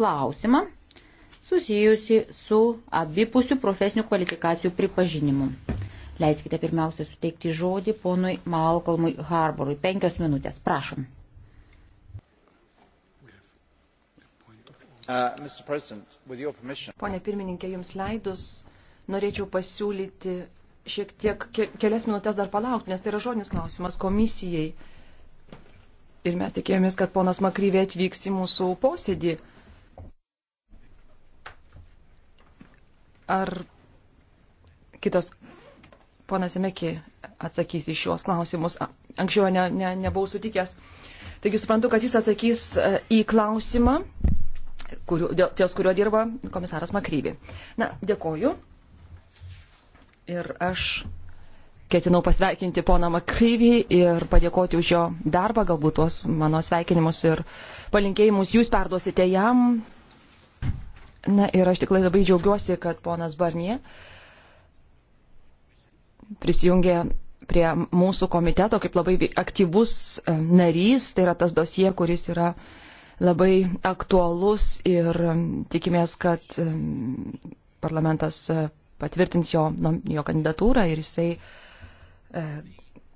klausimą susijusi su abipusių profesinių kvalifikacijų pripažinimu. Leiskite pirmiausia suteikti žodį ponui Malcolmui Harborui. Penkios minutės, prašom. Uh, Pone pirmininkė, jums leidus, norėčiau pasiūlyti šiek tiek ke kelias minutės dar palaukti, nes tai yra žodinis klausimas komisijai. Ir mes tikėjomės, kad ponas Makryvė atvyks į mūsų posėdį. Uh, Ar kitas ponas Emekė atsakys į šiuos klausimus? Anksčiau ne, ne, nebuvau sutikęs. Taigi suprantu, kad jis atsakys e, į klausimą, kuriu, dėl, ties kurio dirba komisaras Makryvi. Na, dėkoju. Ir aš ketinau pasveikinti poną Makryvį ir padėkoti už jo darbą, galbūt tuos mano sveikinimus ir palinkėjimus jūs perduosite jam, Na ir aš tikrai labai džiaugiuosi, kad ponas Barnie prisijungė prie mūsų komiteto kaip labai aktyvus e, narys. Tai yra tas dosie, kuris yra labai aktualus ir e, tikimės, kad e, parlamentas patvirtins jo, jo kandidatūrą ir jisai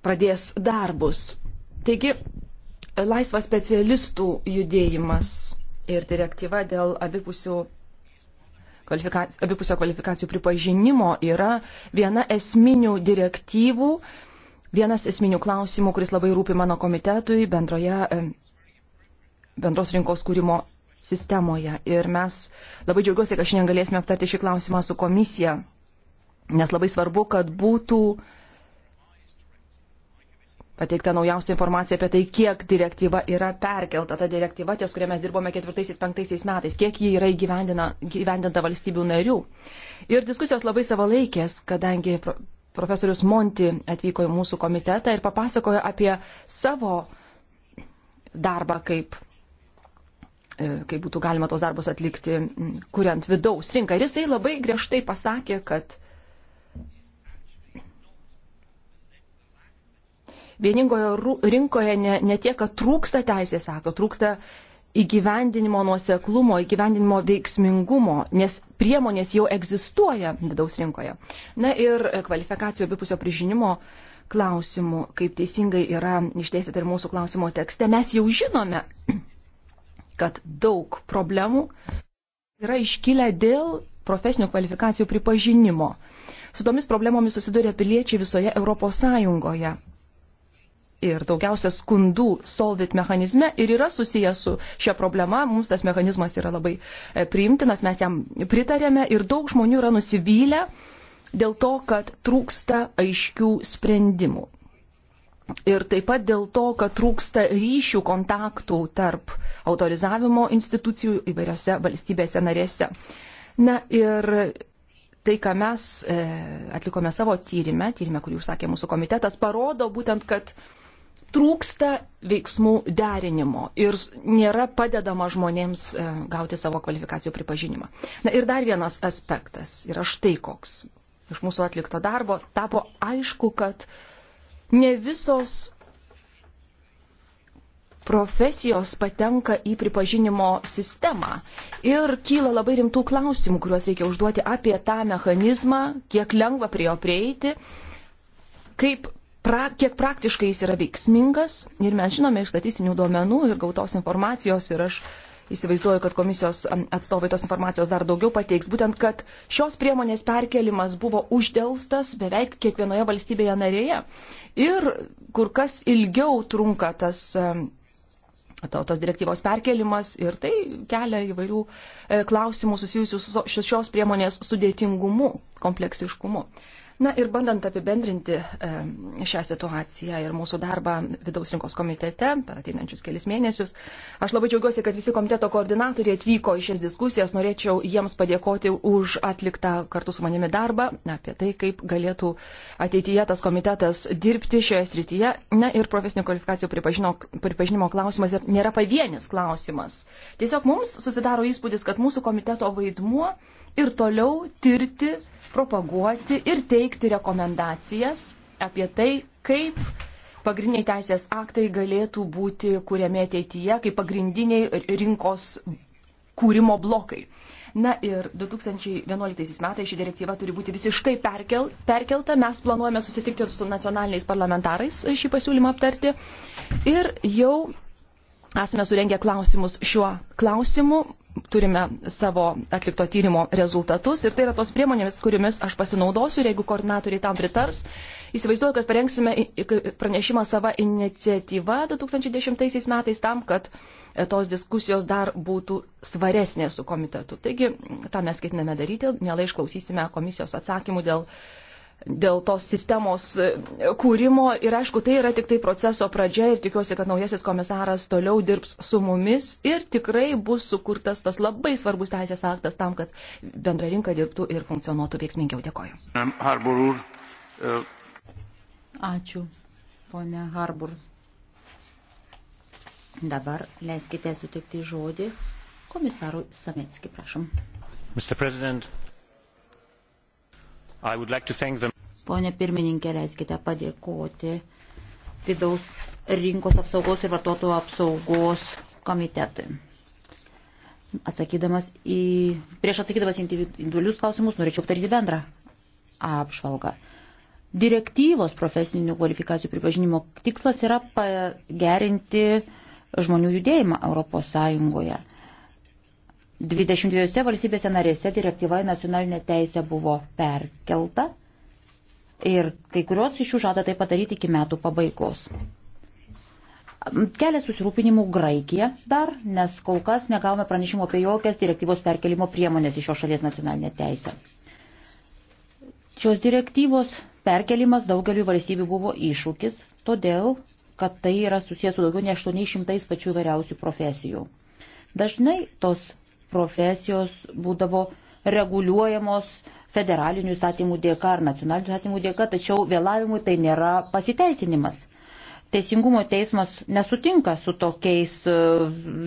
pradės darbus. Taigi, laisvas specialistų judėjimas ir direktyva dėl abipusių kvalifikac... abipusio kvalifikacijų pripažinimo yra viena esminių direktyvų, vienas esminių klausimų, kuris labai rūpi mano komitetui bendroje, e, bendros rinkos kūrimo sistemoje. Ir mes labai džiaugiuosi, kad šiandien galėsime aptarti šį klausimą su komisija, nes labai svarbu, kad būtų uh, pateikta naujausia informacija apie tai, kiek direktyva yra perkelta. Ta direktyva, ties kuria mes dirbome ketvirtaisiais, penktaisiais metais, kiek ji yra įgyvendinta valstybių narių. Ir diskusijos labai savalaikės, kadangi profesorius Monti atvyko į mūsų komitetą ir papasakojo apie savo darbą, kaip, e, kaip būtų galima tos darbus atlikti, kuriant vidaus rinką. Ir jisai labai griežtai pasakė, kad vieningoje rinkoje ne, ne tiek, kad trūksta teisės akto, trūksta įgyvendinimo nuoseklumo, įgyvendinimo veiksmingumo, nes priemonės jau egzistuoja vidaus rinkoje. Na ir e, kvalifikacijų abipusio prižinimo klausimų, kaip teisingai yra išdėstyta ir mūsų klausimo tekste, mes jau žinome, kad daug problemų yra iškilę dėl profesinių kvalifikacijų pripažinimo. Su tomis problemomis susiduria piliečiai visoje Europos Sąjungoje ir daugiausia skundų solvit mechanizme ir yra susijęs su šia problema. Mums tas mechanizmas yra labai e, priimtinas, mes jam pritarėme ir daug žmonių yra nusivylę dėl to, kad trūksta aiškių sprendimų. Ir taip pat dėl to, kad trūksta ryšių kontaktų tarp autorizavimo institucijų įvairiose valstybėse narėse. Na ir tai, ką mes e, atlikome savo tyrimę, tyrimę, kurį užsakė mūsų komitetas, parodo būtent, kad trūksta veiksmų derinimo ir nėra padedama žmonėms e, gauti savo kvalifikacijų pripažinimą. Na ir dar vienas aspektas yra štai koks. Iš mūsų atlikto darbo tapo aišku, kad ne visos profesijos patenka į pripažinimo sistemą ir kyla labai rimtų klausimų, kuriuos reikia užduoti apie tą mechanizmą, kiek lengva prie jo prieiti, kaip pra, kiek praktiškai jis yra veiksmingas ir mes žinome iš statistinių duomenų ir gautos informacijos ir aš įsivaizduoju, kad komisijos atstovai tos informacijos dar daugiau pateiks, būtent, kad šios priemonės perkelimas buvo uždėlstas beveik kiekvienoje valstybėje narėje ir kur kas ilgiau trunka tas to, tos direktyvos perkelimas ir tai kelia įvairių e, klausimų susijusių su šios priemonės sudėtingumu, kompleksiškumu. Na ir bandant apibendrinti e, šią situaciją ir mūsų darbą vidaus rinkos komitete per ateinančius kelias mėnesius, aš labai džiaugiuosi, kad visi komiteto koordinatoriai atvyko į šias diskusijas. Norėčiau jiems padėkoti už atliktą kartu su manimi darbą apie tai, kaip galėtų ateityje tas komitetas dirbti šioje srityje. Na ir profesinių kvalifikacijų pripažinimo klausimas nėra pavienis klausimas. Tiesiog mums susidaro įspūdis, kad mūsų komiteto vaidmuo ir toliau tirti, propaguoti ir teikti rekomendacijas apie tai, kaip pagrindiniai teisės aktai galėtų būti kuriami ateityje kaip pagrindiniai rinkos kūrimo blokai. Na ir 2011 metais ši direktyva turi būti visiškai perkel, perkelta. Mes planuojame susitikti su nacionaliniais parlamentarais šį pasiūlymą aptarti. Ir jau esame surengę klausimus šiuo klausimu, turime savo atlikto tyrimo rezultatus ir tai yra tos priemonėmis, kuriomis aš pasinaudosiu ir jeigu koordinatoriai tam pritars, įsivaizduoju, kad parengsime pranešimą savo iniciatyvą 2010 metais tam, kad e, tos diskusijos dar būtų svaresnės su komitetu. Taigi, tą mes ketiname daryti, mielai išklausysime komisijos atsakymų dėl dėl tos sistemos e, kūrimo ir aišku, tai yra tik tai proceso pradžia ir tikiuosi, kad naujasis komisaras toliau dirbs su mumis ir tikrai bus sukurtas tas labai svarbus teisės aktas tam, kad bendra rinka dirbtų ir funkcionuotų veiksmingiau. Dėkoju. Uh, Ačiū, ponia Harbur. Dabar leiskite sutikti žodį komisarui Sametski, prašom. Mr. President, like Pone pirmininkė, leiskite padėkoti vidaus rinkos apsaugos ir vartotojų apsaugos komitetui. Atsakydamas į, prieš atsakydamas individualius klausimus, norėčiau aptarti bendrą apžvalgą. Direktyvos profesinių kvalifikacijų pripažinimo tikslas yra pagerinti žmonių judėjimą Europos Sąjungoje 22 valstybėse narėse direktyva į nacionalinę teisę buvo perkelta ir kai kurios iš jų žada tai padaryti iki metų pabaigos. Kelia susirūpinimų Graikija dar, nes kol kas negavome pranešimo apie jokias direktyvos perkelimo priemonės iš šios šalies nacionalinę teisę. Šios direktyvos perkelimas daugeliu valstybių buvo iššūkis, todėl, kad tai yra susijęs su daugiau nei 800 pačių įvairiausių profesijų. Dažnai tos profesijos būdavo reguliuojamos federalinių įstatymų dėka ar nacionalinių įstatymų dėka, tačiau vėlavimui tai nėra pasiteisinimas. Teisingumo teismas nesutinka su tokiais e,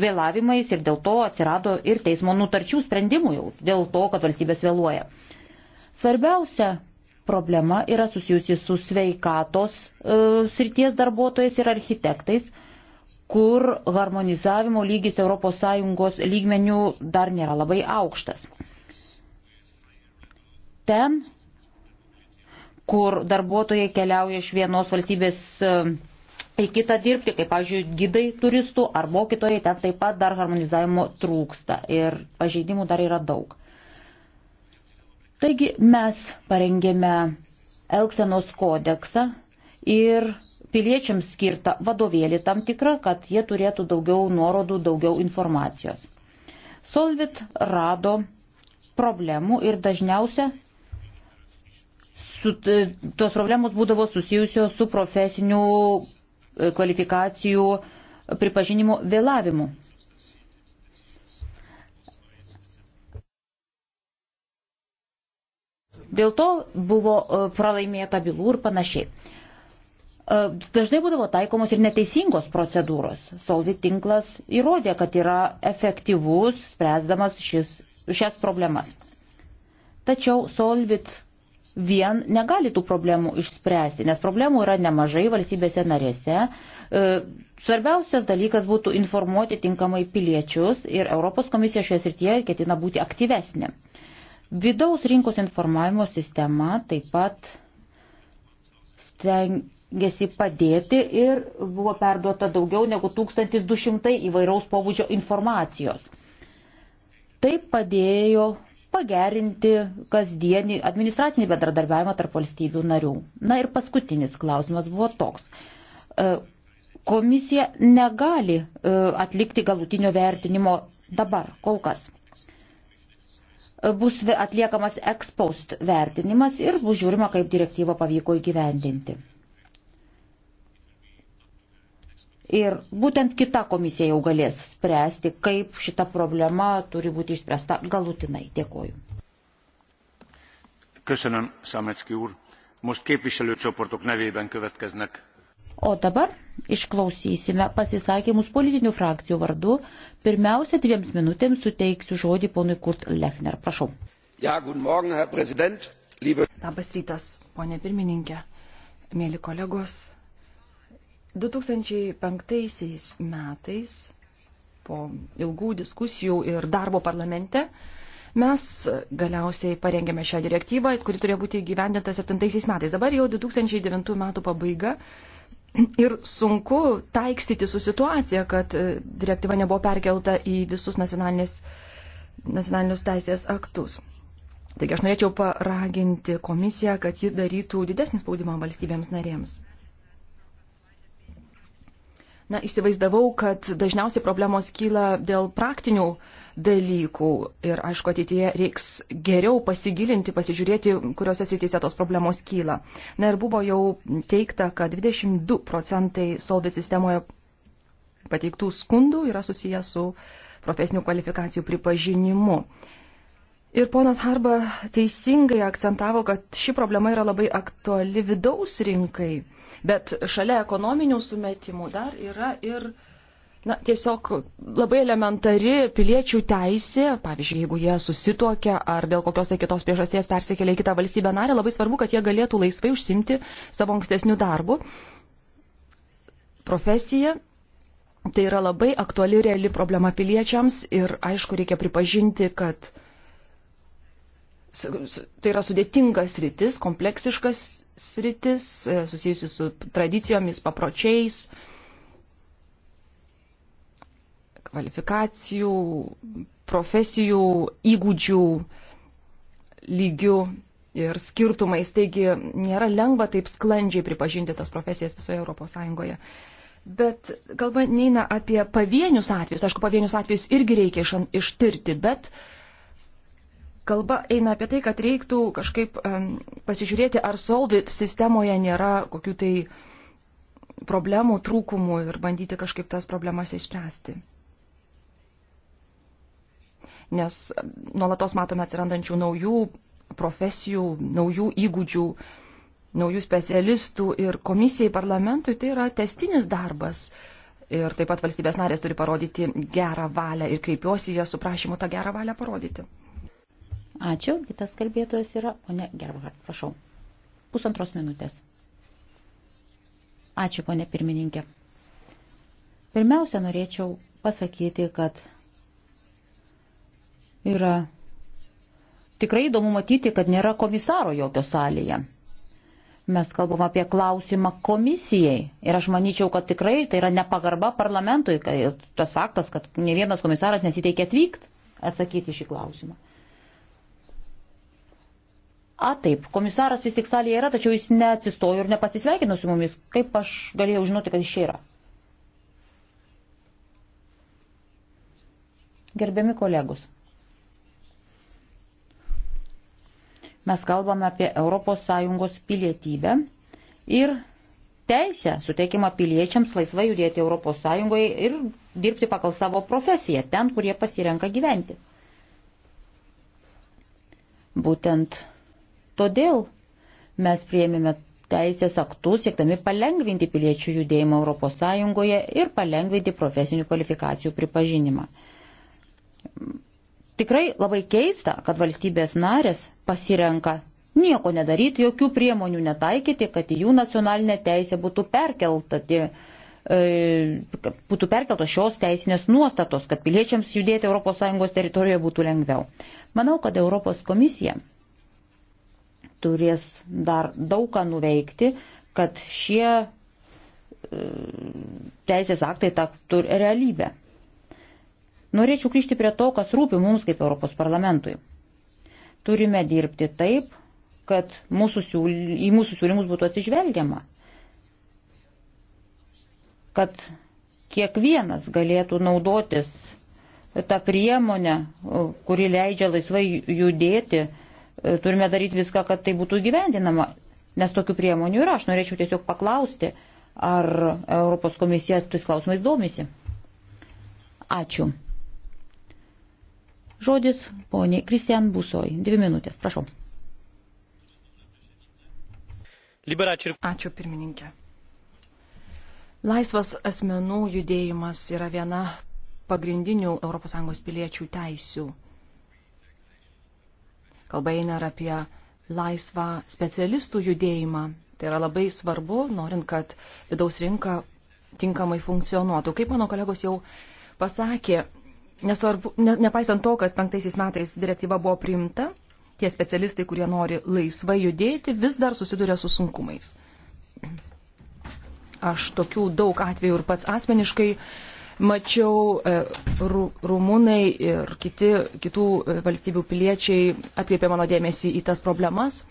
vėlavimais ir dėl to atsirado ir teismo nutarčių sprendimų jau, dėl to, kad valstybės vėluoja. Svarbiausia problema yra susijusi su sveikatos e, srities darbuotojais ir architektais, kur harmonizavimo lygis ES lygmenių dar nėra labai aukštas. Ten, kur darbuotojai keliauja iš vienos valstybės e, į kitą dirbti, kaip, pavyzdžiui, gidai turistų ar mokytojai, ten taip pat dar harmonizavimo trūksta ir pažeidimų dar yra daug. Taigi mes parengėme Elksenos kodeksą ir piliečiams skirtą vadovėlį tam tikrą, kad jie turėtų daugiau nuorodų, daugiau informacijos. Solvit rado problemų ir dažniausia su, e, tos problemos būdavo susijusios su profesinių e, kvalifikacijų pripažinimo vėlavimu. Dėl to buvo e, pralaimėta bylų ir panašiai. E, dažnai būdavo taikomos ir neteisingos procedūros. Solvit tinklas įrodė, kad yra efektyvus, spręsdamas šis, šias problemas. Tačiau Solvit vien negali tų problemų išspręsti, nes problemų yra nemažai valstybėse narėse. E, svarbiausias dalykas būtų informuoti tinkamai piliečius ir Europos komisija šioje srityje ketina būti aktyvesnė. Vidaus rinkos informavimo sistema taip pat steng stengiasi padėti ir buvo perduota daugiau negu 1200 įvairaus pobūdžio informacijos. Tai padėjo pagerinti kasdienį administracinį bendradarbiavimą tarp valstybių narių. Na ir paskutinis klausimas buvo toks. E, komisija negali e, atlikti galutinio vertinimo dabar, kol kas e, bus atliekamas ekspost vertinimas ir bus žiūrima, kaip direktyvą pavyko įgyvendinti. Ir būtent kita komisija jau galės spręsti, kaip šita problema turi būti išspręsta galutinai. Dėkoju. Köszönöm, Szamecki úr. Most képviselőcsoportok nevében következnek. O dabar išklausysime pasisakymus politinių frakcijų vardu. Pirmiausia, dviems minutėms suteiksiu žodį ponui Kurt Lechner. Prašau. Ja, guten Morgen, Herr Präsident. Liebe... Labas rytas, ponė pirmininkė, mėly kolegos, 2005 metais po ilgų diskusijų ir darbo parlamente mes galiausiai parengėme šią direktyvą, kuri turėjo būti įgyvendinta 2007 metais. Dabar jau 2009 metų pabaiga ir sunku taikstyti su situacija, kad direktyva nebuvo perkelta į visus nacionalinius teisės aktus. Taigi aš norėčiau paraginti komisiją, kad ji darytų didesnį spaudimą valstybėms narėms na, įsivaizdavau, kad dažniausiai problemos kyla dėl praktinių dalykų ir, aišku, ateityje reiks geriau pasigilinti, pasižiūrėti, kuriuose srityse tos problemos kyla. Na ir buvo jau teikta, kad 22 procentai solvė sistemoje pateiktų skundų yra susijęs su profesinių kvalifikacijų pripažinimu. Ir ponas Harba teisingai akcentavo, kad ši problema yra labai aktuali vidaus rinkai Bet šalia ekonominių sumetimų dar yra ir na, tiesiog labai elementari piliečių teisė, pavyzdžiui, jeigu jie susituokia ar dėl kokios tai kitos priežasties persikėlė į kitą valstybę narę, labai svarbu, kad jie galėtų laisvai užsimti savo ankstesnių darbų, profesiją. Tai yra labai aktuali reali problema piliečiams ir aišku, reikia pripažinti, kad uh, tai yra sudėtingas rytis, kompleksiškas rytis, e, susijusi su tradicijomis, papročiais, kvalifikacijų, profesijų, įgūdžių lygių ir skirtumais. Taigi nėra lengva taip sklandžiai pripažinti tas profesijas visoje ES. Bet kalba neina apie pavienius atvejus. Aišku, pavienius atvejus irgi reikia iš, ištirti, bet uh, kalba eina apie tai, kad reiktų kažkaip um, pasižiūrėti, ar Solvit sistemoje nėra kokių tai problemų, trūkumų ir bandyti kažkaip tas problemas išspręsti. Nes nuolatos matome atsirandančių naujų profesijų, naujų įgūdžių, naujų specialistų ir komisijai parlamentui tai yra testinis darbas. Ir taip pat valstybės narės turi parodyti gerą valią ir kreipiuosi ją su prašymu tą gerą valią parodyti. Ačiū. Kitas kalbėtojas yra ponė Gervhard. Prašau. Pusantros minutės. Ačiū, ponė pirmininkė. Pirmiausia, norėčiau pasakyti, kad yra tikrai įdomu matyti, kad nėra komisaro jokio salėje. Mes kalbam apie klausimą komisijai ir aš manyčiau, kad tikrai tai yra nepagarba parlamentui, tas faktas, kad ne vienas komisaras nesiteikė atvykti atsakyti šį klausimą. A, taip, komisaras vis tik salėje yra, tačiau jis neatsistojo ir nepasisveikino su mumis. Kaip aš galėjau žinoti, kad jis čia yra? Gerbiami kolegus. Mes kalbame apie ES pilietybę ir teisę suteikimą piliečiams laisvai judėti ES ir dirbti pagal savo profesiją, ten, kur jie pasirenka gyventi. Būtent Todėl mes prieimėme teisės aktus, siektami palengvinti piliečių judėjimą ES ir palengvinti profesinių kvalifikacijų pripažinimą. Tikrai labai keista, kad valstybės narės pasirenka nieko nedaryti, jokių priemonių netaikyti, kad jų nacionalinė teisė būtų perkelta. Tai būtų perkeltos šios teisinės nuostatos, kad piliečiams judėti ES teritorijoje būtų lengviau. Manau, kad Europos komisija turės dar daug ką nuveikti, kad šie e, teisės aktai taptų realybę. Norėčiau grįžti prie to, kas rūpi mums kaip Europos parlamentui. Turime dirbti taip, kad mūsų siūly, į mūsų siūlymus būtų atsižvelgiama, kad kiekvienas galėtų naudotis tą priemonę, kuri leidžia laisvai judėti E, turime daryti viską, kad tai būtų gyvendinama, nes tokių priemonių yra. Aš norėčiau tiesiog paklausti, ar Europos komisija tais klausimais domisi. Ačiū. Žodis poniai Kristian Busoj. Dvi minutės, prašau. Ačiū pirmininkė. Laisvas asmenų judėjimas yra viena pagrindinių ES piliečių teisių Kalba eina ir apie laisvą specialistų judėjimą. Tai yra labai svarbu, norint, kad vidaus rinka tinkamai funkcionuotų. Kaip mano kolegos jau pasakė, nesvarbu, ne, nepaisant to, kad penktaisiais metais direktyva buvo priimta, tie specialistai, kurie nori laisvai judėti, vis dar susiduria su sunkumais. Aš tokių daug atvejų ir pats asmeniškai Mačiau e, rumūnai ir kiti, kitų e, valstybių piliečiai atkreipė mano dėmesį į tas problemas.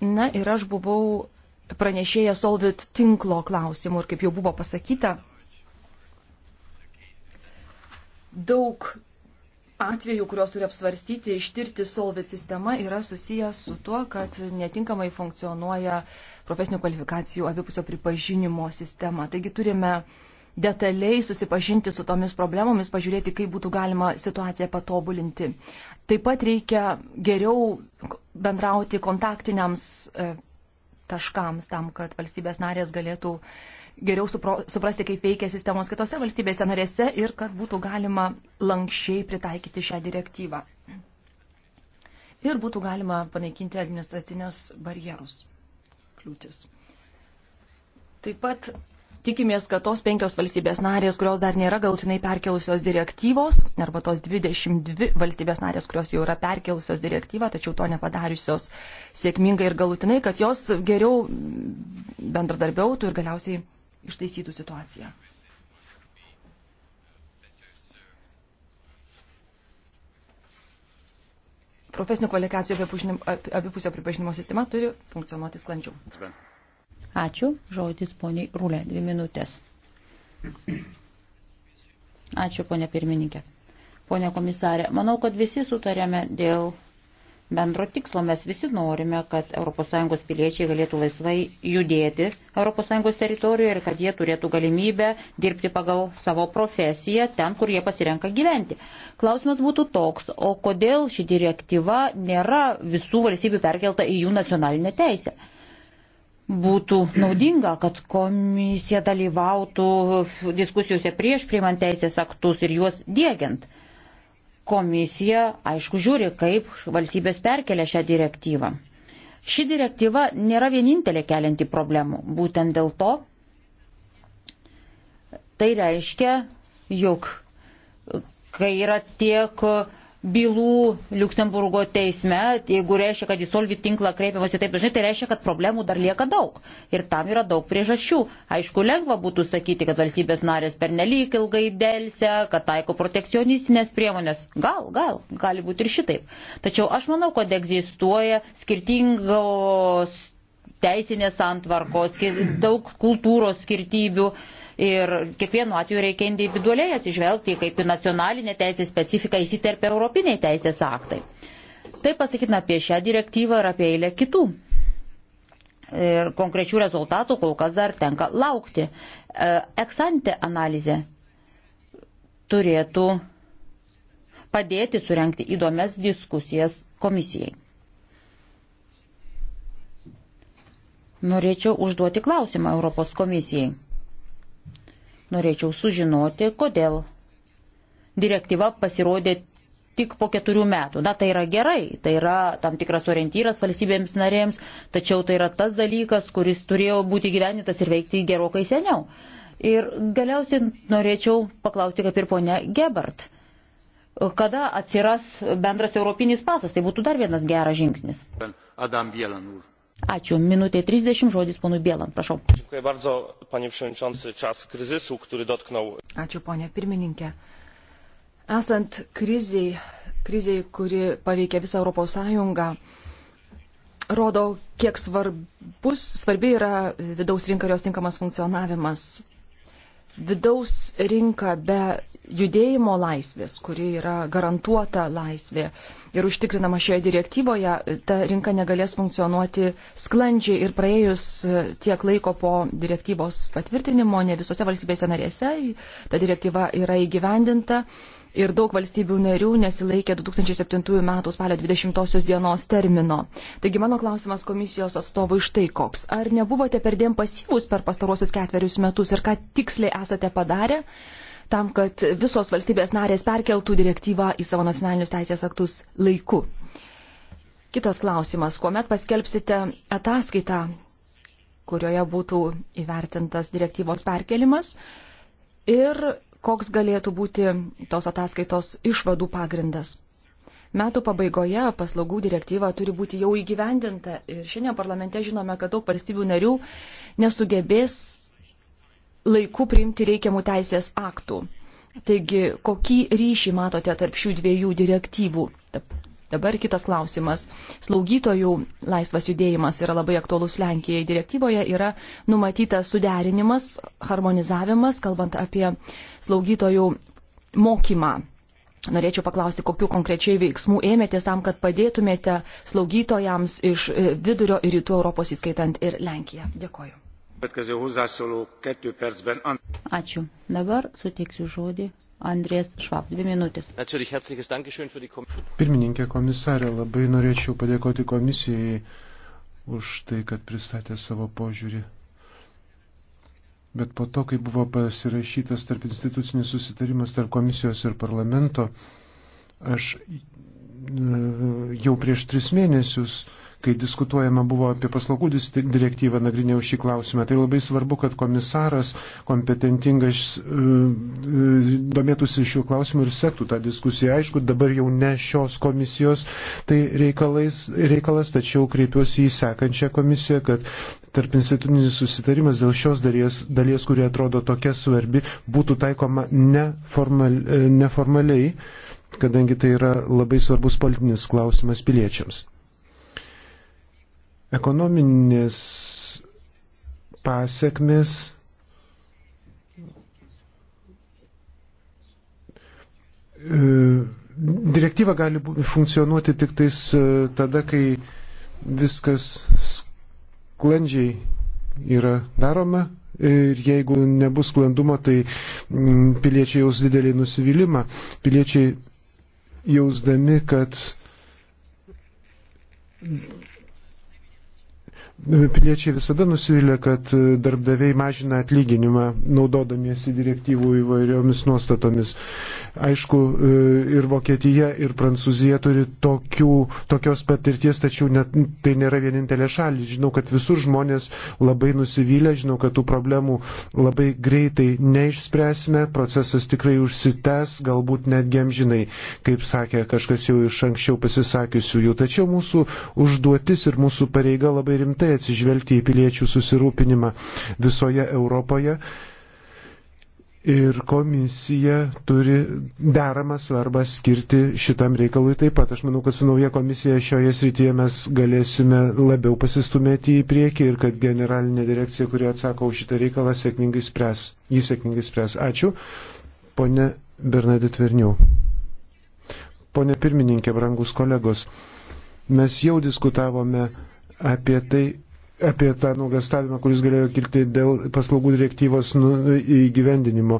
Na ir aš buvau pranešėję Solvit tinklo klausimų ir kaip jau buvo pasakyta, daug atvejų, kuriuos turi apsvarstyti, ištirti Solvit sistema yra susijęs su tuo, kad netinkamai funkcionuoja profesinių kvalifikacijų abipusio pripažinimo sistema. Taigi turime uh, detaliai susipažinti su tomis problemomis, pažiūrėti, kaip būtų galima situaciją patobulinti. Taip pat reikia geriau bendrauti kontaktiniams e, taškams tam, kad valstybės narės galėtų geriau supro, suprasti, kaip veikia sistemos kitose valstybėse narėse ir kad būtų galima lankščiai pritaikyti šią direktyvą. Ir būtų galima panaikinti administracinės barjerus, kliūtis. Taip pat Tikimės, kad tos penkios valstybės narės, kurios dar nėra galutinai perkelusios direktyvos, arba tos 22 valstybės narės, kurios jau yra perkelusios direktyvą, tačiau to nepadariusios sėkmingai ir galutinai, kad jos geriau bendradarbiautų ir galiausiai ištaisytų situaciją. Profesinių kvalifikacijų abipusio pripažinimo sistema turi funkcionuoti sklandžiau. Ačiū. Žodis poniai Rūlė. Dvi minutės. Ačiū, ponė pirmininkė. Pone komisarė, manau, kad visi sutarėme dėl bendro tikslo. Mes visi norime, kad ES piliečiai galėtų laisvai judėti ES teritorijoje ir kad jie turėtų galimybę dirbti pagal savo profesiją ten, kur jie pasirenka gyventi. Klausimas būtų toks, o kodėl ši direktyva nėra visų valstybių perkelta į jų nacionalinę teisę? būtų naudinga, kad komisija dalyvautų diskusijose prieš priimant teisės aktus ir juos dėgiant. Komisija, aišku, žiūri, kaip valstybės perkelia šią direktyvą. Ši direktyva nėra vienintelė kelianti problemų. Būtent dėl to tai reiškia, jog kai yra tiek uh, bylų Luksemburgo teisme, jeigu reiškia, kad į solvį tinklą kreipiamasi taip dažnai, tai reiškia, kad problemų dar lieka daug. Ir tam yra daug priežasčių. Aišku, lengva būtų sakyti, kad valstybės narės pernelyg ilgai dėlse, kad taiko protekcionistinės priemonės. Gal, gal, gali būti ir šitaip. Tačiau aš manau, kad egzistuoja skirtingos teisinės santvarkos, daug kultūros skirtybių. Ir kiekvienu atveju reikia individualiai atsižvelgti, kaip į nacionalinę teisę specifiką įsiterpia europiniai teisės aktai. Tai pasakytume apie šią direktyvą ir apie eilę kitų. Ir konkrečių rezultatų kol kas dar tenka laukti. E, Eksante analizė turėtų padėti surenkti įdomias diskusijas komisijai. Norėčiau užduoti klausimą Europos komisijai. Norėčiau sužinoti, kodėl direktyva pasirodė tik po keturių metų. Na, tai yra gerai, tai yra tam tikras orientyras valstybėms narėms, tačiau tai yra tas dalykas, kuris turėjo būti gyvenintas ir veikti gerokai seniau. Ir galiausiai norėčiau paklausti, kaip ir ponia Gebert, kada atsiras bendras europinis pasas, tai būtų dar vienas geras žingsnis. Adam Bielanur. Ačiū. Minutė 30 žodis ponui Bielan, prašau. Ačiū, ponė pirmininkė. Esant kriziai, kriziai, kuri paveikia visą Europos Sąjungą, rodo, kiek svarbus, svarbi yra vidaus rinka ir jos tinkamas funkcionavimas vidaus rinka be judėjimo laisvės, kuri yra garantuota laisvė ir užtikrinama šioje direktyvoje, ta rinka negalės funkcionuoti sklandžiai ir praėjus e, tiek laiko po direktyvos patvirtinimo, ne visose valstybėse narėse ta direktyva yra įgyvendinta ir daug valstybių narių nesilaikė 2007 m. spalio 20 dienos termino. Taigi mano klausimas komisijos atstovui štai koks. Ar nebuvote perdėm pasyvus per pastarosius ketverius metus ir ką tiksliai esate padarę tam, kad visos valstybės narės perkeltų direktyvą į savo nacionalinius teisės aktus laiku? Kitas klausimas. Kuomet paskelbsite ataskaitą, kurioje būtų įvertintas direktyvos perkelimas ir koks galėtų būti tos ataskaitos išvadų pagrindas. Metų pabaigoje paslaugų direktyva turi būti jau įgyvendinta ir šiandien parlamente žinome, kad daug valstybių narių nesugebės laiku priimti reikiamų teisės aktų. Taigi, kokį ryšį matote tarp šių dviejų direktyvų, tarp Dabar kitas klausimas. Slaugytojų laisvas judėjimas yra labai aktuolus Lenkijai. Direktyvoje yra numatytas suderinimas, harmonizavimas, kalbant apie slaugytojų mokymą. Norėčiau paklausti, kokiu konkrečiai veiksmų ėmėtės tam, kad padėtumėte slaugytojams iš e, vidurio ir rytų Europos, įskaitant ir Lenkiją. Dėkoju. Ačiū. Dabar suteiksiu žodį Andrės Švab. Dvi minutės. Pirmininkė komisarė, labai norėčiau padėkoti komisijai už tai, kad pristatė savo požiūrį. Bet po to, kai buvo pasirašytas tarp institucinis susitarimas tarp komisijos ir parlamento, aš e, jau prieš tris mėnesius uh, kai diskutuojama buvo apie paslaugų direktyvą, nagrinėjau šį klausimą. Tai labai svarbu, kad komisaras kompetentingas e, e, domėtųsi šiuo klausimu ir sektų tą diskusiją. Aišku, dabar jau ne šios komisijos tai reikalais, reikalas, tačiau kreipiuosi į sekančią komisiją, kad tarp institucinis susitarimas dėl šios dalies, dalies kuri atrodo tokia svarbi, būtų taikoma neformal, e, neformaliai kadangi tai yra labai svarbus politinis klausimas piliečiams. Ekonominės pasiekmes direktyva gali funkcionuoti tik tais e, tada, kai viskas sklandžiai yra daroma ir jeigu nebus sklandumo, tai mm, piliečiai jaus didelį nusivylimą. Piliečiai jausdami, kad Piliečiai visada nusivylė, kad darbdaviai mažina atlyginimą, naudodamiesi direktyvų įvairiomis nuostatomis. Aišku, ir Vokietija, ir Prancūzija turi tokių, tokios patirties, tačiau net, tai nėra vienintelė šalis. Žinau, kad visur žmonės labai nusivylę, žinau, kad tų problemų labai greitai neišspręsime, procesas tikrai užsitęs, galbūt netgi amžinai, kaip sakė kažkas jau iš anksčiau pasisakiusių jų. Tačiau mūsų užduotis ir mūsų pareiga labai rimta rimtai atsižvelgti į piliečių susirūpinimą visoje Europoje. Ir komisija turi deramą svarbą skirti šitam reikalui taip pat. Aš manau, kad su nauja komisija šioje srityje mes galėsime labiau pasistumėti į priekį ir kad generalinė direkcija, kuri atsako už šitą reikalą, sėkmingai spręs. Jį sėkmingai spręs. Ačiū. Pone Bernadit Verniau. Pone pirmininkė, brangus kolegos, mes jau diskutavome apie tai, apie tą nuogastavimą, kuris galėjo kilti dėl paslaugų direktyvos nu, įgyvendinimo.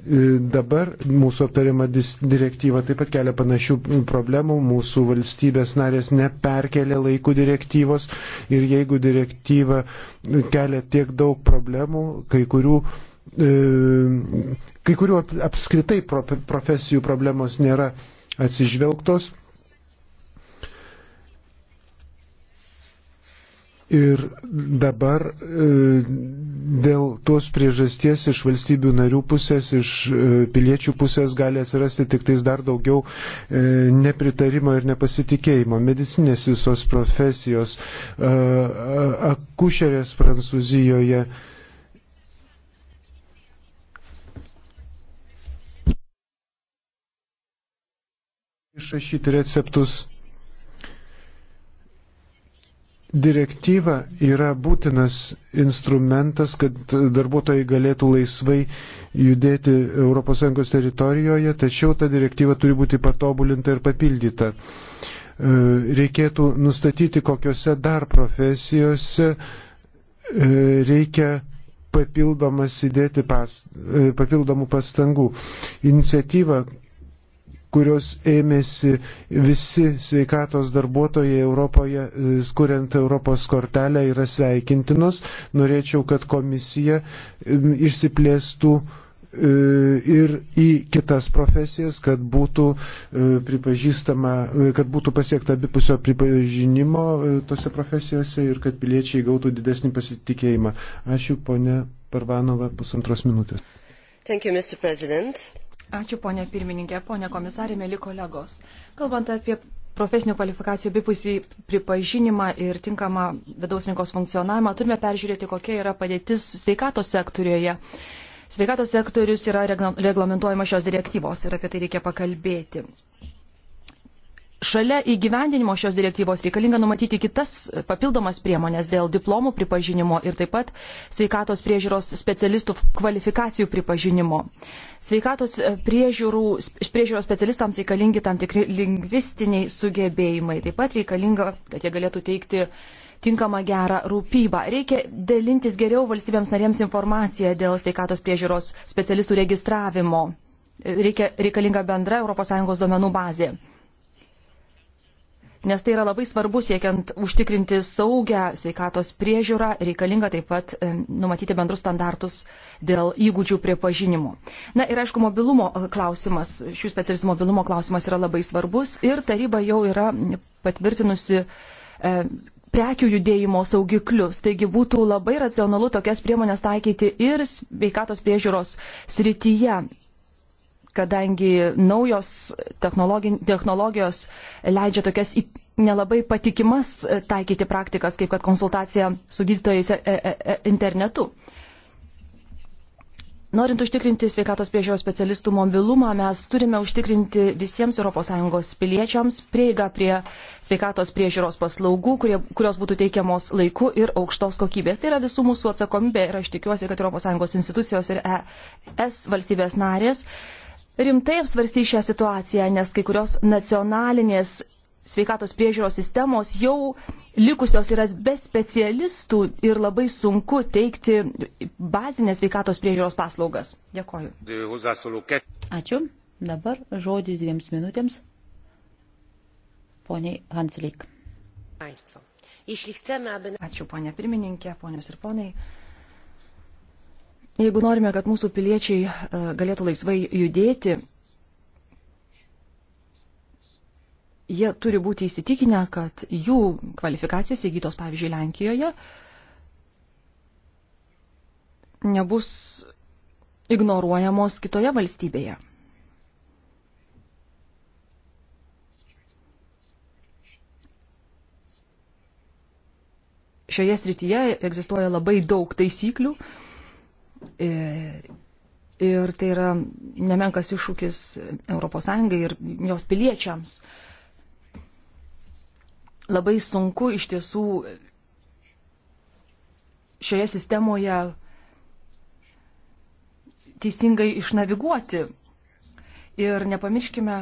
E, dabar mūsų aptariama direktyva taip pat kelia panašių problemų, mūsų valstybės narės neperkelia laikų direktyvos ir jeigu direktyva kelia tiek daug problemų, kai kurių, e, kai kurių apskritai profesijų problemos nėra atsižvelgtos, Ir dabar e, dėl tos priežasties iš valstybių narių pusės, iš e, piliečių pusės gali atsirasti tik tais dar daugiau e, nepritarimo ir nepasitikėjimo. Medicinės visos profesijos, akušerės Prancūzijoje. Išrašyti receptus direktyva yra būtinas instrumentas, kad darbuotojai galėtų laisvai judėti ES teritorijoje, tačiau ta direktyva turi būti patobulinta ir papildyta. E, reikėtų nustatyti, kokiuose dar profesijose e, reikia papildomas įdėti pas, e, papildomų pastangų. Iniciatyva, kurios ėmėsi visi sveikatos darbuotojai Europoje, e, skuriant Europos kortelę, yra sveikintinos. Norėčiau, kad komisija e, išsiplėstų e, ir į kitas profesijas, kad būtų pripažįstama, kad būtų pasiekta abipusio pripažinimo tose profesijose ir kad piliečiai gautų didesnį pasitikėjimą. Ačiū, ponė Parvanova, pusantros minutės. Thank you, Mr. President. Ačiū, ponė pirmininkė, ponė komisarė, mėly kolegos. Kalbant apie profesinių kvalifikacijų abipusį pripažinimą ir tinkamą vidaus rinkos funkcionavimą, turime peržiūrėti, kokia yra padėtis sveikatos sektorijoje. Sveikatos sektorius yra reglamentuojama šios direktyvos ir apie tai reikia pakalbėti šalia įgyvendinimo šios direktyvos reikalinga numatyti kitas papildomas priemonės dėl diplomų pripažinimo ir taip pat sveikatos priežiūros specialistų kvalifikacijų pripažinimo. Sveikatos e, priežiūrų, priežiūros specialistams reikalingi tam tikri lingvistiniai sugebėjimai. Taip pat reikalinga, kad jie galėtų teikti tinkamą gerą rūpybą. Reikia dalintis geriau valstybėms narėms informaciją dėl sveikatos priežiūros specialistų registravimo. E, reikia reikalinga bendra ES duomenų bazė nes tai yra labai svarbu siekiant užtikrinti saugę sveikatos priežiūrą, reikalinga taip pat e, numatyti bendrus standartus dėl įgūdžių pripažinimo. Na ir aišku, mobilumo e, klausimas, šių specialistų mobilumo klausimas yra labai svarbus ir taryba jau yra patvirtinusi e, prekių judėjimo saugiklius, taigi būtų labai racionalu tokias priemonės taikyti ir sveikatos priežiūros srityje kadangi naujos technologijos leidžia tokias nelabai patikimas e, taikyti praktikas, kaip kad konsultacija su gydytojais e, e, internetu. Norint užtikrinti sveikatos priežiūros specialistų mobilumą, mes turime užtikrinti visiems ES piliečiams prieigą prie sveikatos priežiūros paslaugų, kurie, kurios būtų teikiamos laiku ir aukštos kokybės. Tai yra visų mūsų atsakomybė ir aš tikiuosi, kad ES institucijos ir ES valstybės narės rimtai apsvarstys šią situaciją, nes kai kurios nacionalinės sveikatos priežiūros sistemos jau likusios yra be specialistų ir labai sunku teikti bazinės sveikatos priežiūros paslaugas. Dėkoju. Ačiū. Dabar žodis dviems minutėms. Poniai Hanslik. Ačiū, ponia pirmininkė, ponios ir ponai. Jeigu norime, kad mūsų piliečiai e, galėtų laisvai judėti, jie turi būti įsitikinę, kad jų kvalifikacijos įgytos, pavyzdžiui, Lenkijoje, nebus ignoruojamos kitoje valstybėje. Šioje srityje egzistuoja labai daug taisyklių, E, ir tai yra nemenkas iššūkis ES ir jos piliečiams. Labai sunku iš tiesų šioje sistemoje teisingai išnaviguoti. Ir nepamirškime,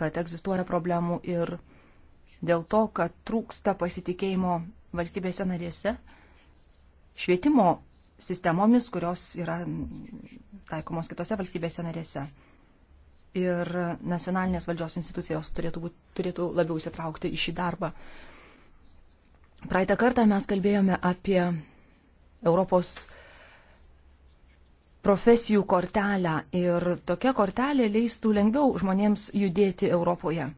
kad egzistuoja problemų ir dėl to, kad trūksta pasitikėjimo valstybėse narėse švietimo sistemomis, kurios yra taikomos kitose valstybėse narėse. Ir nacionalinės valdžios institucijos turėtų, būt, turėtų labiau įsitraukti į šį darbą. Praeitą kartą mes kalbėjome apie Europos profesijų kortelę ir tokia kortelė leistų lengviau žmonėms judėti Europoje.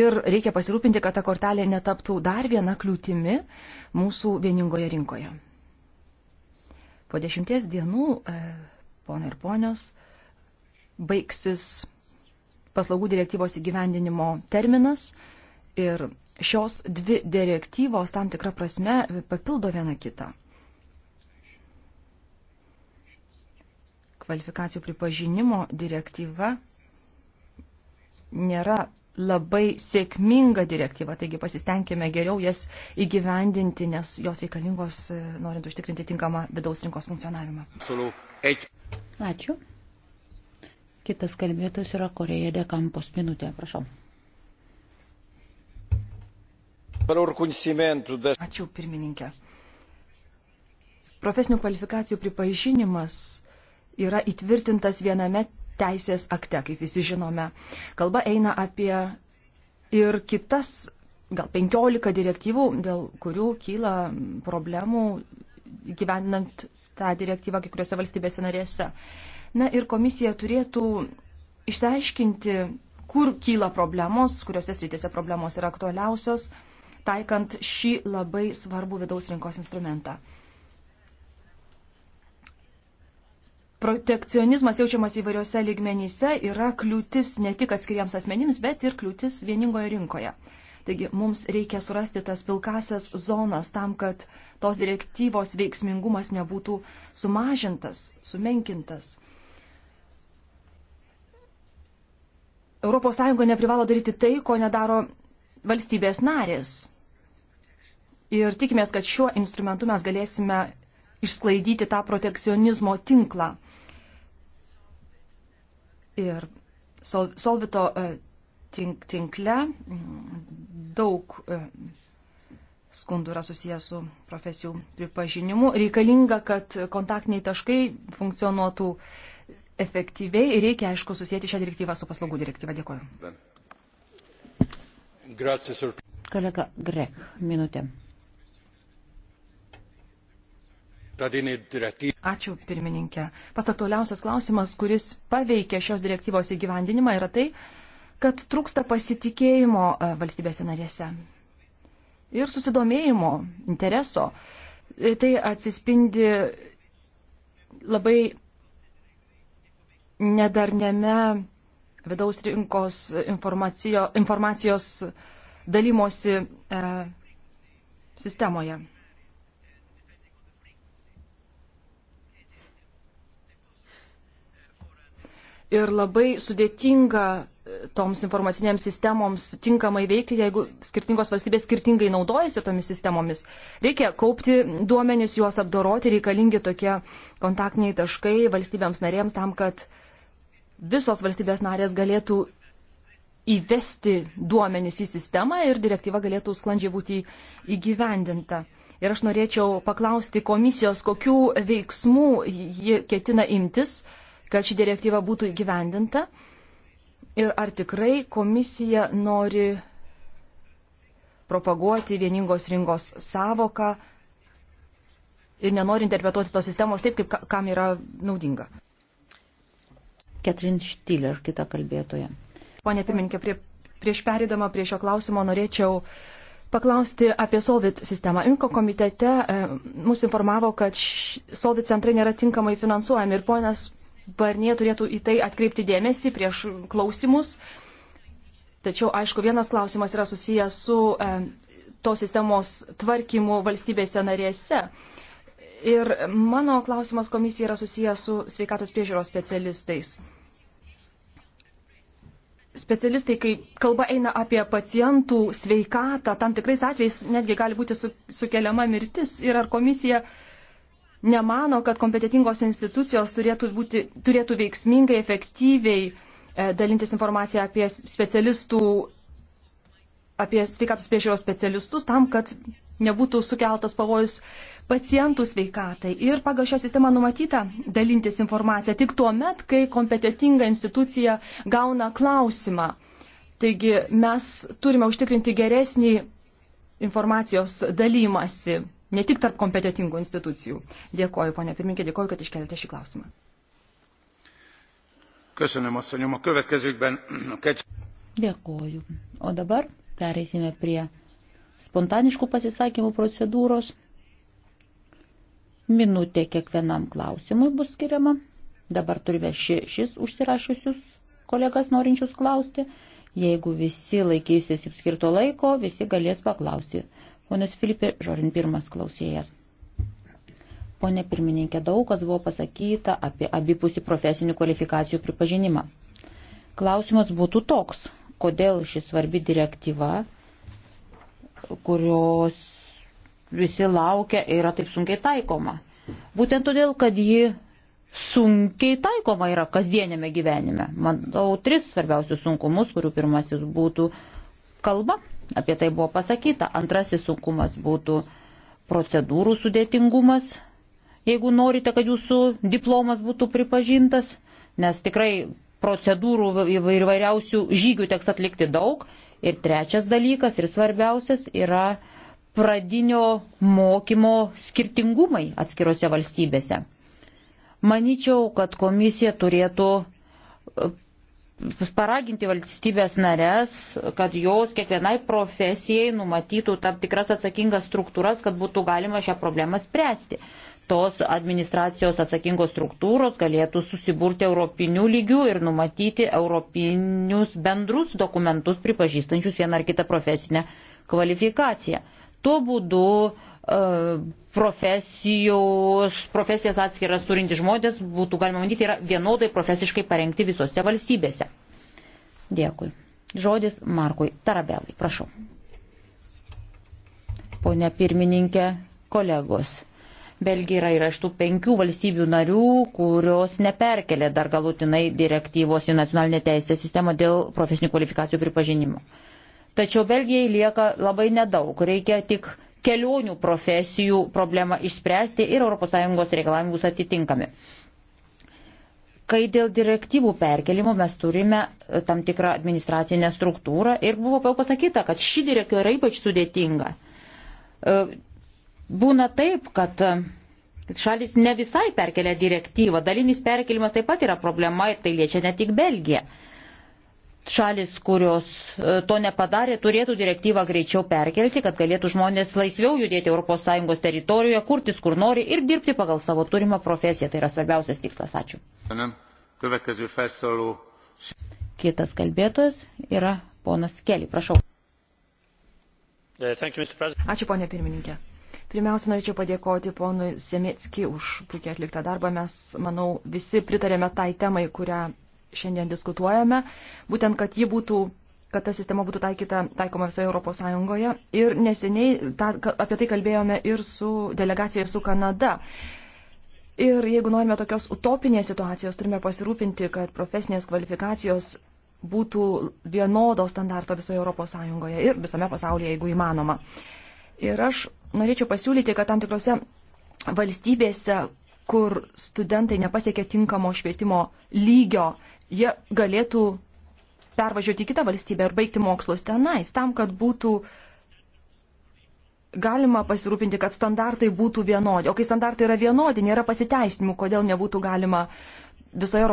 Ir reikia pasirūpinti, kad ta kortelė netaptų dar viena kliūtimi mūsų vieningoje rinkoje. Po dešimties dienų, e, ponai ir ponios, baigsis paslaugų direktyvos įgyvendinimo terminas ir šios dvi direktyvos tam tikrą prasme papildo vieną kitą. Kvalifikacijų pripažinimo direktyva nėra labai sėkminga direktyva, taigi pasistengime geriau jas įgyvendinti, nes jos reikalingos, e, norint užtikrinti tinkamą vidaus rinkos funkcionavimą. Ačiū. Kitas kalbėtas yra Koreja Dekampos minutė, prašau. Ačiū pirmininkė. Profesinių kvalifikacijų pripažinimas yra įtvirtintas viename teisės akte, kaip visi žinome. Kalba eina apie ir kitas, gal 15 direktyvų, dėl kurių kyla problemų gyvendinant tą direktyvą kai kuriuose valstybėse narėse. Na ir komisija turėtų išsiaiškinti, kur kyla problemos, kuriuose srityse problemos yra aktualiausios, taikant šį labai svarbų vidaus rinkos instrumentą. protekcionizmas jaučiamas įvairiose lygmenyse yra kliūtis ne tik atskiriams asmenims, bet ir kliūtis vieningoje rinkoje. Taigi mums reikia surasti tas pilkasias zonas tam, kad tos direktyvos veiksmingumas nebūtų sumažintas, sumenkintas. ES neprivalo daryti tai, ko nedaro valstybės narės. Ir tikimės, kad šiuo instrumentu mes galėsime išsklaidyti tą protekcionizmo tinklą Ir sol, solvito e, tink, tinkle mm, daug e, skundų yra susijęs su profesijų pripažinimu. Reikalinga, kad kontaktiniai taškai funkcionuotų efektyviai ir reikia, aišku, susijęti šią direktyvą su paslaugų direktyva. Dėkuoju. Grazie, Kolega Grek, minutė. Ačiū, pirmininkė. Pats aktualiausias klausimas, kuris paveikia šios direktyvos įgyvendinimą, yra tai, kad trūksta pasitikėjimo e, valstybėse narėse ir susidomėjimo, intereso. E, tai atsispindi labai nedarnėme vidaus rinkos informacijos dalymosi e, sistemoje. ir labai sudėtinga e, toms informacinėms sistemoms tinkamai veikti, jeigu skirtingos valstybės skirtingai naudojasi tomis sistemomis. Reikia kaupti duomenis, juos apdoroti, reikalingi tokie kontaktiniai taškai valstybėms narėms tam, kad visos valstybės narės galėtų įvesti duomenis į sistemą ir direktyva galėtų sklandžiai būti įgyvendinta. Ir aš norėčiau paklausti komisijos, kokių veiksmų ji ketina imtis, uh, kad ši direktyva būtų įgyvendinta ir ar tikrai komisija nori propaguoti vieningos rinkos savoką ir nenori interpretuoti tos sistemos taip, kaip kam yra naudinga. Ketrin Štiler, kita kalbėtoja. Pone pirmininkė, prie, prieš perėdama prie šio klausimo norėčiau paklausti apie Sovit sistemą. Inko komitete e, mus informavo, kad š, Sovit centrai nėra tinkamai finansuojami ir ponas Barnie turėtų į tai atkreipti dėmesį prieš klausimus. Tačiau, aišku, vienas klausimas yra susijęs su e, tos sistemos tvarkymu valstybėse narėse. Ir mano klausimas komisija yra susijęs su sveikatos priežiūros specialistais. Specialistai, kai kalba eina apie pacientų sveikatą, tam tikrais atvejais netgi gali būti su, sukeliama mirtis ir ar komisija uh, nemano, kad kompetitingos institucijos turėtų, būti, turėtų veiksmingai, efektyviai e, dalintis informaciją apie specialistų, apie sveikatos priežiūros specialistus tam, kad nebūtų sukeltas pavojus pacientų sveikatai. Ir pagal šią sistemą numatyta dalintis informaciją tik tuo met, kai kompetitinga institucija gauna klausimą. Taigi mes turime užtikrinti geresnį informacijos dalymasi ne tik tarp kompetitingų institucijų. Dėkoju, ponia pirmininkė, dėkoju, kad iškelėte šį klausimą. Köszönöm, asszonyom. A következőkben a kegy... Dėkoju. O dabar pereisime prie spontaniškų pasisakymų procedūros. Minutė kiekvienam klausimui bus skiriama. Dabar turime ši, šis užsirašusius kolegas norinčius klausti. Jeigu visi laikysis skirto laiko, visi galės paklausti. Ponas Filipė, žorin pirmas klausėjas. Pone pirmininkė, daug kas buvo pasakyta apie abipusį profesinių kvalifikacijų pripažinimą. Klausimas būtų toks, kodėl ši svarbi direktyva, kurios visi laukia, yra taip sunkiai taikoma. Būtent todėl, kad ji sunkiai taikoma yra kasdienėme gyvenime. Manau, tris svarbiausius sunkumus, kurių pirmasis būtų uh, kalba. Apie tai buvo pasakyta. Antrasis sunkumas būtų procedūrų sudėtingumas, jeigu norite, kad jūsų diplomas būtų pripažintas, nes tikrai procedūrų įvairiausių žygių teks atlikti daug. Ir trečias dalykas ir svarbiausias yra pradinio mokymo skirtingumai atskirose valstybėse. Maničiau, kad komisija turėtų paraginti valstybės narės, kad jos kiekvienai profesijai numatytų tam tikras atsakingas struktūras, kad būtų galima šią problemą spręsti. Tos administracijos atsakingos struktūros galėtų susiburti europinių lygių ir numatyti europinius bendrus dokumentus pripažįstančius vieną ar kitą profesinę kvalifikaciją. Tuo būdu uh, E, profesijas atskiras turinti žmonės, būtų galima manyti, yra vienodai profesiškai parengti visose valstybėse. Dėkui. Žodis Markui Tarabelai. Prašau. Pone pirmininkė, kolegos. Belgija yra iš tų penkių valstybių narių, kurios neperkelė dar galutinai direktyvos į nacionalinę teisę sistemą dėl profesinių kvalifikacijų pripažinimo. Tačiau Belgijai lieka labai nedaug, reikia tik kelionių profesijų problemą išspręsti ir ES reikalavimus atitinkami. Kai dėl direktyvų perkelimo mes turime e, tam tikrą administracinę struktūrą ir buvo pasakyta, kad ši direktyva yra ypač sudėtinga. E, būna taip, kad e, šalis ne visai perkelia direktyvą, dalinis perkelimas taip pat yra problema ir tai liečia ne tik Belgiją šalis, kurios e, to nepadarė, turėtų direktyvą greičiau perkelti, kad galėtų žmonės laisviau judėti ES teritorijoje, kurtis kur nori ir dirbti pagal savo turimą profesiją. Tai yra svarbiausias tikslas. Ačiū. Kitas kalbėtojas yra ponas Keli. Prašau. Uh, Ačiū, ponė pirmininkė. Pirmiausia, norėčiau padėkoti ponui Semetski už puikiai atliktą darbą. Mes, manau, visi pritarėme tai temai, kurią šiandien diskutuojame, būtent, kad ji būtų kad ta sistema būtų taikyta, taikoma visoje Europos Sąjungoje. Ir neseniai ta, apie tai kalbėjome ir su delegacija su Kanada. Ir jeigu norime tokios utopinės situacijos, turime pasirūpinti, kad profesinės kvalifikacijos būtų vienodo standarto visoje Europos Sąjungoje ir visame pasaulyje, jeigu įmanoma. Ir aš norėčiau pasiūlyti, kad tam tikrose valstybėse, kur studentai nepasiekia tinkamo švietimo lygio, jie galėtų pervažiuoti į kitą valstybę ir baigti mokslus tenais, tam, kad būtų galima pasirūpinti, kad standartai būtų vienodi. O kai standartai yra vienodi, nėra pasiteisinimų, kodėl nebūtų galima visoje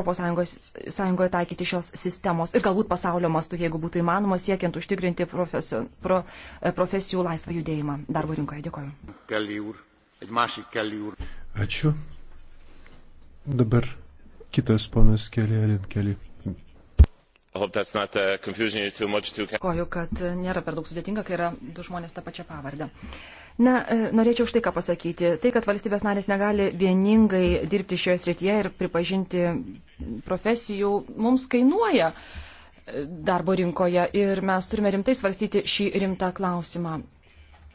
ES taikyti šios sistemos ir galbūt pasaulio mastu, jeigu būtų įmanoma, siekiant užtikrinti profesijų, pro, e, profesijų laisvą judėjimą darbo rinkoje. Dėkoju. Ačiū. Dabar Kitas ponas Kelė Rinkeli. Uh, Koju, kad uh, nėra per daug sudėtinga, kai yra du žmonės tą pačią pavardę. Na, uh, norėčiau štai ką pasakyti. Tai, kad valstybės narės negali vieningai dirbti šioje srityje ir pripažinti profesijų, mums kainuoja darbo rinkoje ir mes turime rimtai svarstyti šį rimtą klausimą.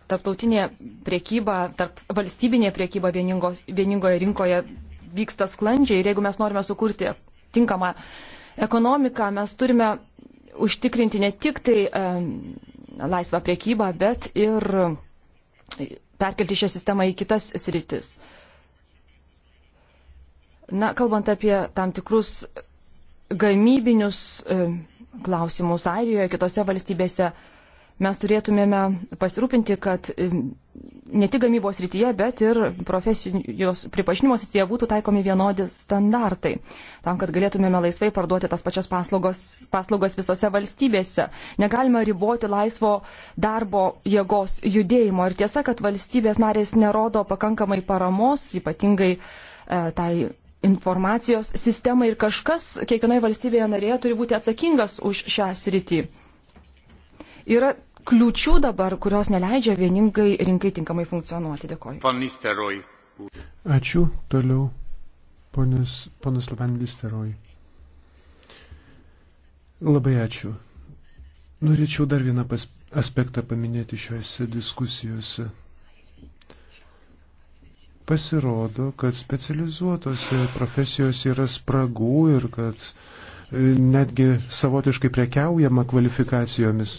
Tarptautinė priekyba, tarp valstybinė priekyba vieningos, vieningoje rinkoje vyksta sklandžiai ir jeigu mes norime sukurti tinkamą ekonomiką, mes turime užtikrinti ne tik tai e, laisvą priekybą, bet ir perkelti šią sistemą į kitas sritis. Na, kalbant apie tam tikrus gamybinius e, klausimus Airijoje, kitose valstybėse, mes turėtumėme pasirūpinti, kad ne tik gamybos rytyje, bet ir profesijos pripažinimo srityje būtų taikomi vienodi standartai, tam, kad galėtumėme laisvai parduoti tas pačias paslaugos, paslaugas visose valstybėse. Negalime riboti laisvo darbo jėgos judėjimo. Ir tiesa, kad valstybės narės nerodo pakankamai paramos, ypatingai e, tai informacijos sistemai ir kažkas kiekvienoje valstybėje narėje turi būti atsakingas už šią sritį. Yra kliučių dabar, kurios neleidžia vieningai rinkai tinkamai funkcionuoti. Dėkoju. Ačiū. Toliau ponas, ponas Levan Visteroj. Labai ačiū. Norėčiau dar vieną pas, aspektą paminėti šiuose diskusijose. Pasirodo, kad specializuotose profesijose yra spragų ir kad e, netgi savotiškai prekiaujama kvalifikacijomis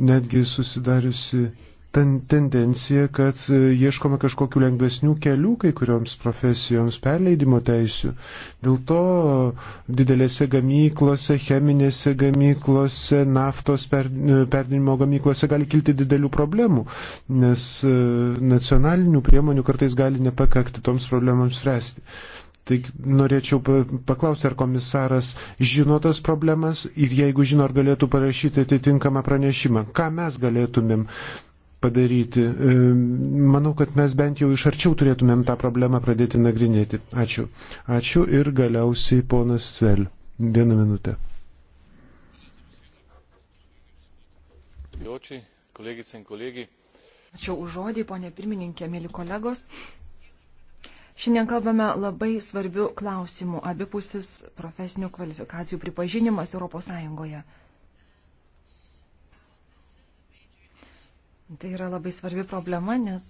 netgi susidariusi ten tendencija, kad e, ieškome kažkokių lengvesnių kelių kai kurioms profesijoms perleidimo teisių. Dėl to didelėse gamyklose, cheminėse gamyklose, naftos per, e, perdinimo gamyklose gali kilti didelių problemų, nes e, nacionalinių priemonių kartais gali nepakakti toms problemams spręsti. Tik norėčiau paklausti, ar komisaras žino tas problemas ir jeigu žino, ar galėtų parašyti atitinkamą pranešimą. Ką mes galėtumėm padaryti? E, manau, kad mes bent jau iš arčiau turėtumėm tą problemą pradėti nagrinėti. Ačiū. Ačiū ir galiausiai ponas Svel. Vieną minutę. Ačiū už žodį, ponė pirmininkė, mėly kolegos. Šiandien kalbame labai svarbių klausimų - abipusis profesinių kvalifikacijų pripažinimas ES. Tai yra labai svarbi problema, nes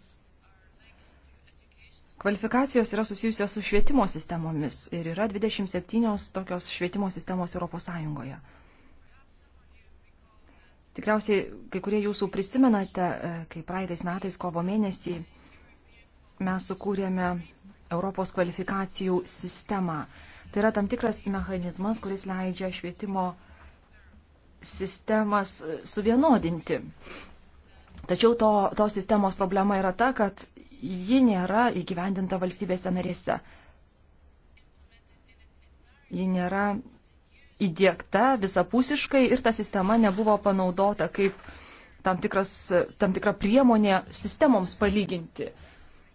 kvalifikacijos yra susijusios su švietimo sistemomis ir yra 27 tokios švietimo sistemos ES. Tikriausiai kai kurie jūsų prisimenate, e, kai praeitais metais kovo mėnesį mes sukūrėme Europos kvalifikacijų sistemą. Tai yra tam tikras mechanizmas, kuris leidžia švietimo sistemas e, suvienodinti. Tačiau to, tos sistemos problema yra ta, kad ji nėra įgyvendinta valstybėse narėse. Ji nėra įdėkta visapusiškai ir ta sistema nebuvo panaudota kaip tam, tikras, tam tikra priemonė sistemoms palyginti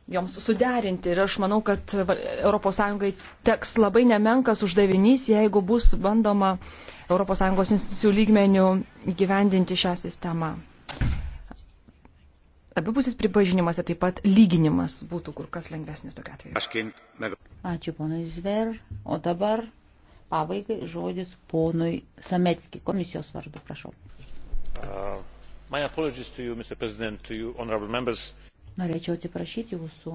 joms suderinti. Ir aš manau, kad ES teks labai nemenkas uždavinys, jeigu bus bandoma ES institucijų lygmenių gyvendinti šią sistemą. Abipusis pripažinimas ir taip pat lyginimas būtų kur kas lengvesnis tokia atveju. Ačiū ponui Zver. O dabar pabaigai žodis ponui Sametski. Komisijos vardu, prašau. Uh, Norėčiau atsiprašyti jūsų,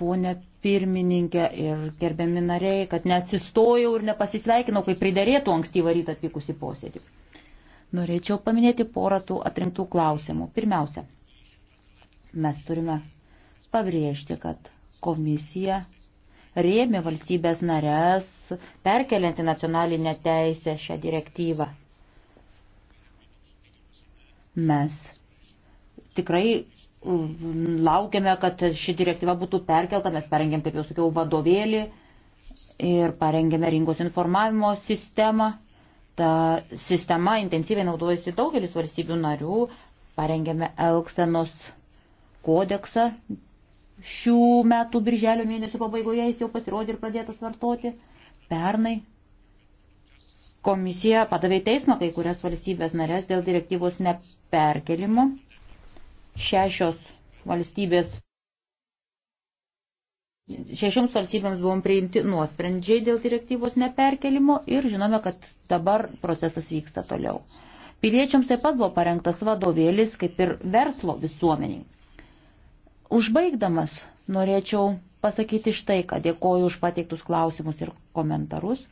ponė pirmininkė ir gerbiami nariai, kad neatsistojau ir nepasisveikinau, kaip pridarėtų ankstyvą rytą atvykusi posėdį. Norėčiau paminėti porą tų atrinktų klausimų. Pirmiausia, mes turime pabrėžti, kad komisija rėmė valstybės narės, perkelianti nacionalinę teisę šią direktyvą. Mes tikrai laukiame, kad ši direktyva būtų perkelta, mes parengėm, kaip jau sakiau, vadovėlį ir parengėme rinkos informavimo sistemą. Ta sistema intensyviai naudojasi daugelis valstybių narių, parengėme Elksenos kodeksą. Šių metų birželio mėnesio pabaigoje jis jau pasirodė ir pradėtas vartoti. Pernai komisija padavė teismą kai kurias valstybės narės dėl direktyvos neperkelimo Šešios valstybės. Šešioms valstybėms buvom priimti nuosprendžiai dėl direktyvos neperkelimo ir žinome, kad dabar procesas vyksta toliau. Piliečiams taip pat buvo parengtas vadovėlis, kaip ir verslo visuomeniai. Užbaigdamas norėčiau pasakyti štai, kad dėkoju už pateiktus klausimus ir komentarus.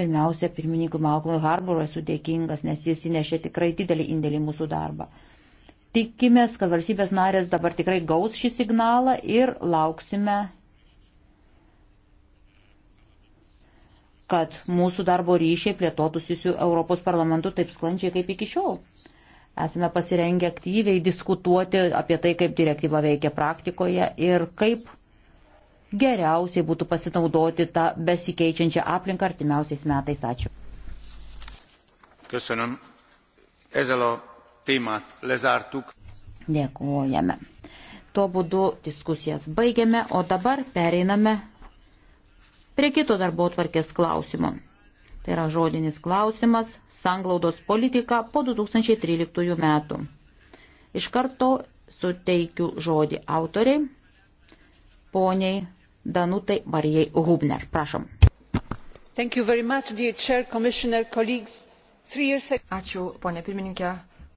Pirmiausia, pirmininkui Malcolmui Harborui esu dėkingas, nes jis įnešė tikrai didelį indėlį mūsų darbą. Tikimės, kad valstybės narės dabar tikrai gaus šį signalą ir lauksime, kad mūsų darbo ryšiai plėtotųsi su Europos parlamentu taip sklandžiai kaip iki šiol. Esame pasirengę aktyviai diskutuoti apie tai, kaip direktyva veikia praktikoje ir kaip geriausiai būtų pasinaudoti tą besikeičiančią aplinką artimiausiais metais. Ačiū. Köszönöm. Ezzel a témát lezártuk. Dėkojame. Tuo būdu diskusijas baigiame, o dabar pereiname prie kito darbo tvarkės klausimo. Tai yra žodinis klausimas - sanglaudos politika po 2013 metų. Iš karto suteikiu žodį autoriai, poniai Danutai Marijai Hubner. Prašom. Much, chair, ago... Ačiū, ponė pirmininkė,